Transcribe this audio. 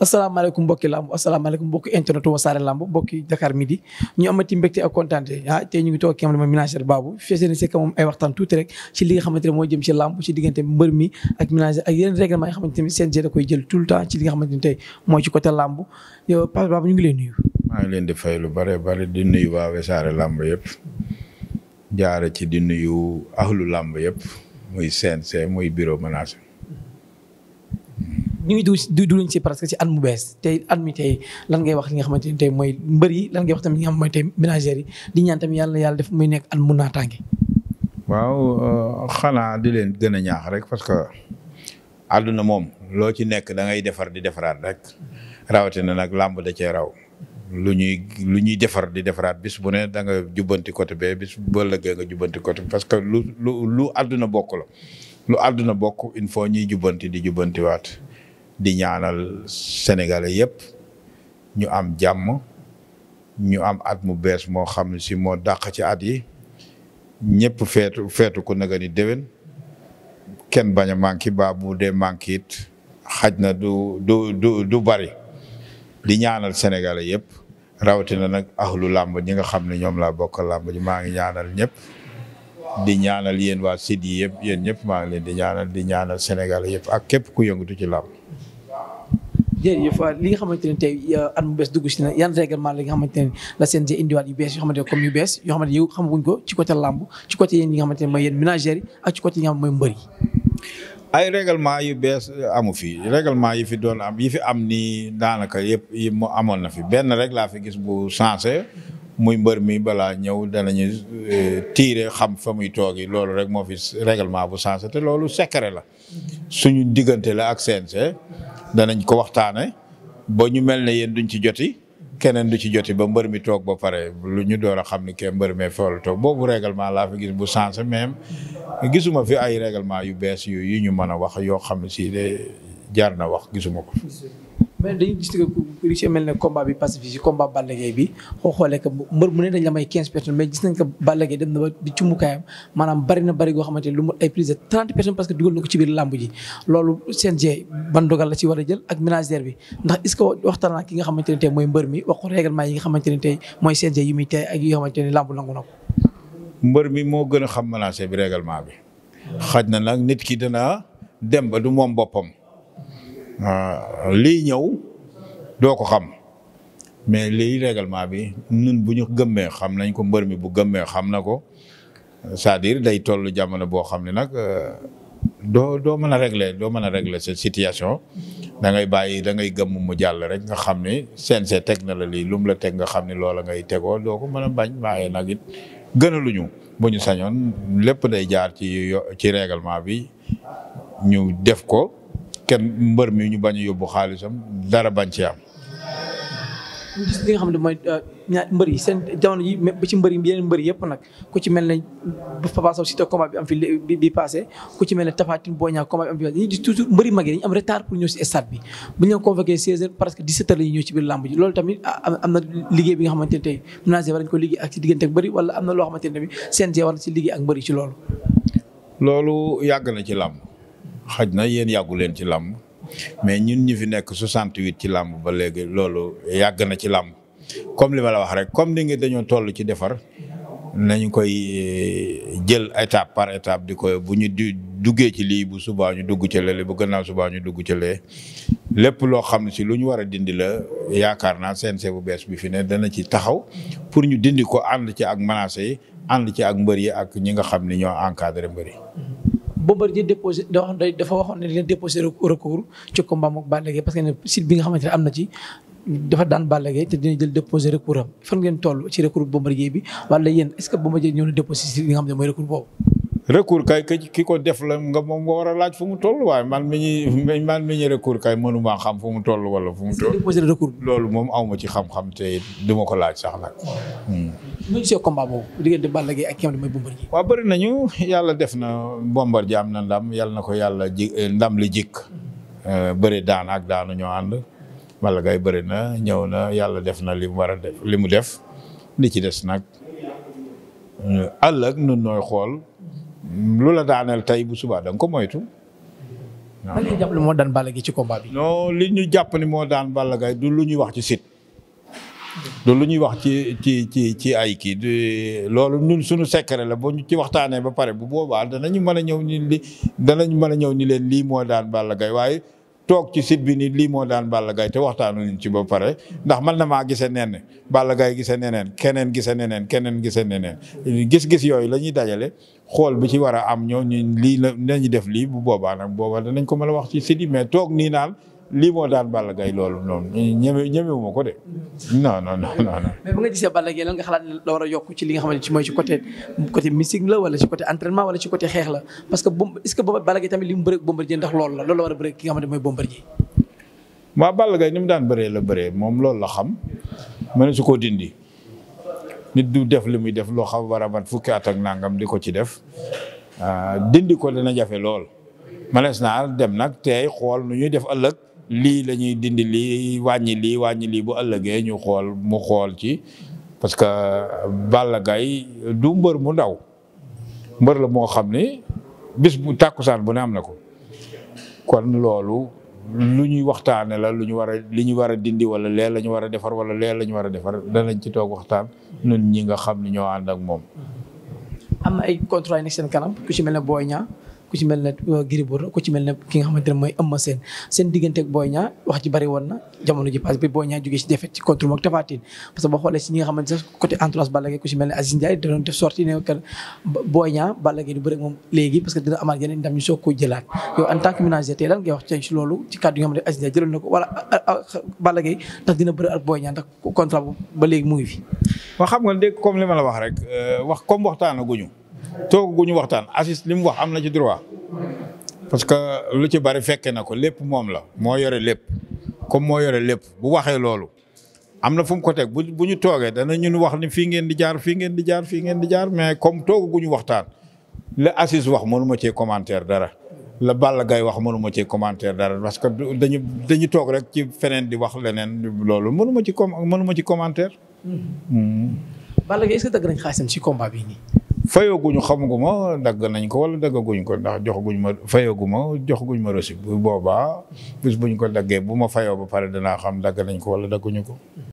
asalaamaaleykum mbokki làmb asalaamaaleykum mbokki internet wasaare làmb mbokki Dakar midi ñu amati mbégte ak kontaante ah tey ñu ngi toog ki nga xam ne mooy ménagère ne sekk moom ay waxtaan ci li nga xamante ne mooy koy jël tout le temps ci li nga xamante ne mooy ci côté làmb ñu ngi leen nuyu maa ngi leen di fay lu bare bare di nuyu waa wasaare làmb yëpp jaare ci di nuyu ahlu làmb yëpp muy CNG muy bureau ménagère ñu ngi du du luñ ci parce que ci at bees tey at mi tey lan ngay wax li nga xamante ni tey mooy mbër yi lan ngay wax tamit li nga xam mooy tey ménagères di yàlla yàlla muy nekk at mu naataange. waaw euh, xanaa di leen gën a ñaax rek parce que àdduna moom loo ci nekk da ngay defar di defaraat rek rawatina nag làmb de cee raw. lu ñuy lu ñuy defar di defaraat bis bu ne da nga jubbanti côté bee bis bu ëllëgee nga jubbanti côté parce que lu lu lu àdduna bokk la lu àdduna bokk il faut ñuy jubbanti di jubbantiwaat. di ñaanal sénégalais yëpp ñu am jàmm ñu am at mu bees moo xam ne si moo dàq ci at yi ñëpp feetu feetu ko naga ni déwén kenn bañ a manqué ba bu dee manqué xaj na du du du du bari di ñaanal sénégalais yëpp rawatina nag ahlu làmb ñi nga xam ne ñoom laa bokk làmb ji maa ngi ñaanal ñëpp di ñaanal yéen waa Sidi yëpp yéen ñëpp maa ngi leen di ñaanal di ñaanal Sénégal yëpp ak képp ku yëngatu ci làmb jërëjëf li nga xamante ne tey uh, at mu bees dugg si na yan règlement la nga xamante ne la CNG indiwaat yu bees yoo xamante ne comme yu bees yoo xamante ne yow xamaguñ ko ci côté làmb ci côté yéen yi nga xamante ne mooy yéen ménagères yi ak ci côté yi nga xam mooy mbër yi ay réglement yu bees uh, amu fi règlement yi fi doon am yi fi am nii daanaka yëpp yi mu amoon na fi benn rek laa fi gis bu sensé muy mbër mi balaa ñëw danañu uh, tiire xam fa muy toogi loolu rek moo fi règlement bu sensé te loolu secret la mm-hmm. suñu diggante la ak CNG danañ ko waxtaane boo ñu mel ne yéen duñ ci joti keneen du ci joti ba mbër mi toog ba pare lu ñu door a xam ni ke mbër mee fool toog boobu règlement laa fi gis bu sensé même gisuma fi ay règlement yu bees yu yi ñu mën a wax yoo xam ne si de jaar na wax gisuma ko mais dañuy gis que ci mel ne combat bi pacifique ci combat bi xoo xoolee que mbër mu ne dañ la may quinze personnes mais gis nañ que Balla dem na ba ci mukaayam maanaam bari na bari goo xamante ne lu mu ay plus de trente personnes parce que dugal na ko ci biir làmb ji loolu CNG ban la ci war a jël ak ménagère bi ndax is ce que waxtaan ki nga xamante ne tey mooy mbër mi wax ko règlement yi nga xamante ne tey mooy CNG yu muy tey ak yi nga ne làmb nangu na ko mbër mi moo gën a xam ménagère bi règlement bi na nag nit ki dana dem ba du moom boppam Euh, lii ñëw doo ko xam mais lii règlement bi nun bu gëmmee xam nañ ko mbër mi bu gëmmee xam na ko cest à day toll jamono boo xam ne nag euh, doo doo mën a régle doo mën a régle seen situation da bàyyi da ngay gëmm jàll rek nga xam ni CNG teg na la lii lum la teg nga xam ni loola ngay tegoo doo ko mën a bañ waaye nag it gënaluñu bu sañoon lépp day jaar ci ci règlement bi ñu def ko kenn mbër mi ñu bañ a yóbbu xaalisam dara bañ ci am. xam ne mooy euh, ñaar mbër yi seen jamono yi ba ci yëpp nag ku ci mel ne bu Papa Sow Siteu combat bi am fi bi bi passé ku ci mel ne Tapha Tine Boy na liggéey bi nga xamante ne tey ménage war am na loo xamante ne tamit CNG si liggéey ak mbëri ci loolu. yàgg na ci làmb xaj na yéen yàggu leen ci làmb mais ñun ñi fi nekk 68 ci làmb ba léegi loolu yàgg na ci làmb comme li ma la wax rek comme ni ngi dañoo tollu ci defar nañu koy eh, jël étape par étape di koy bu ñu di duggee ci lii bu subaa ñu dugg ci bu gannaaw subaa ñu dugg ci lee lépp loo xam si lu ñu war a dindi la yaakaar naa CNG bu bees bi fi ne dana ci taxaw pour ñu dindi ko ànd ci ag menacé yi ànd ci ak mbër yi ak ñi nga xam ne ñoo encadré mbër yi Bombardier déposé dafa waxoon ne dina déposé recours ci combat mook Balla parce que site bi nga xamante ne am jël déposé recours am fan ngeen toll ci recours Bombardier bi nga xam mooy recours boobu. recours kay ki ko def la nga moom war a laaj fu mu toll waaye man mi ñuy recours kay mënumaa xam fu mu toll wala fu mu toll. loolu moom aw ma ci xam-xam te duma ko laaj sax nag. Hmm. ñu gisee combat boobu diggante Balla Gaye yàlla def na Bombardier am na ndam yàlla na ko yàlla ji eh, ndam li jik eh, bëri daan ak daanu ñoo ànd Balla Gaye na ñëw na yàlla def na li mu war a def li mu def li ci des nag ëllëg eh, nun nooy xool lu la daaneel tey bu subaa da ko moytu. waaw li ñu jàpp ne moo daan Balla Gaye li ñu wax ci site. loolu lu ñuy wax ci ci ci ci ay kii loolu ñun suñu secret la boo ñu ci waxtaanee ba pare bu boobaa danañu mën a ñëw ni li danañ mën a ñëw ni leen lii moo daan Balla Gaye waaye toog ci sit bi nii lii moo daan Balla Gaye te waxtaanuñu ci ba pare ndax man na maa gisee neneen Balla Gaye gisee neneen keneen gisee neneen keneen gisee neneen gis-gis yooyu la ñuy dajale xool bi ci war a am ñoo ñu lii la nañu def lii bu boobaa nag boobaa danañ ko mën a wax ci site yi mais toog nii naan lii moo daan Balla Gaye loolu noonu eh, ñeme ñemewuma ko de non non non non. mais bu nga gisee Balla Gaye lan nga xalaat la war a yokk ci li nga xamante ci mooy ci côté côté mystique la wala ci côté entraînement wala ci côté xeex la parce que bom est-ce que Balla Gaye tamit li mu bëreeg Bombardier ndax loolu la loolu la war a bëreeg ki nga xamante mooy Bombardier. waaw Balla Gaye ni mu daan bëree la bëree moom loolu la xam mën na su koo dindi nit du def li muy def loo xam war a mat fukki at ak nangam di ko ci def ah, dindi ko dana jafe lool. mënees naa dem nag tey xool nu ñuy def ëllëg. lii la ñuy dindi lii wàññi lii wàññi lii bu ëllëgee ñu xool mu xool ci parce que euh, Balla du mbër mu ndaw mbër la moo xam ni bis bu tàkkusaan bu ne am na ko kon loolu lu ñuy waxtaane la lu ñu war a li ñu war a dindi wala lee la ñu war a defar wala lee la ñu war a defar danañ ci toog waxtaan nun ñi nga xam ni ñoo ànd ak moom. am na ay contrat yu nekk seen kanam ku ci mel ne Boy Niang ku ci mel ne euh, ku ci mel ne ki nga xamante ne mooy Eumeu Sène seen diggante ak Boy Niang wax ci bari woon na jamono ji passé bi Boy Niang jógee ci défaite ci contre moom Tapha Tine parce que boo xoolee si du bëre moom léegi parce que dina amaat yeneen ndam ñu soog koo jëlaat yow en tant que ménager tey lan wax ci loolu ci kàddu yi nga xam ne na ko wala euh, euh, Balla Gaye ndax dina bëre ak Boy Niang ndax contrat ba léegi mu ngi fi waaw xam nga dégg comme li a la wax rek wax comme waxtaan guñu toog gu ñu waxtaan Aziz li mu wax am na ci droit parce que lu ci bari fekke na ko lépp moom la moo yore lépp comme moo yore lépp bu waxee loolu am na fum mu ko teg bu ñu toogee dana ñun wax ni fii ngeen di jaar fii ngeen di jaar fii ngeen di jaar mais comme toog gu ñu waxtaan la Aziz wax mënu ma cee commentaire dara la Balla wax mënuma ma cee commentaire dara parce que dañu dañu toog rek ci feneen di wax leneen loolu mënu ma ci com mënu ma ci commentaire. Balla Gaye est-ce que nañ xaalisam ci combat bi nii. fayaguñu xamaguma dagg nañ ko wala daggaguñ ko ndax joxaguñ ma fayaguma joxaguñ ma reçu bu boobaa bis buñ ko daggee bu ma fayoo ba pare danaa xam dagg nañ ko wala dagguñu ko.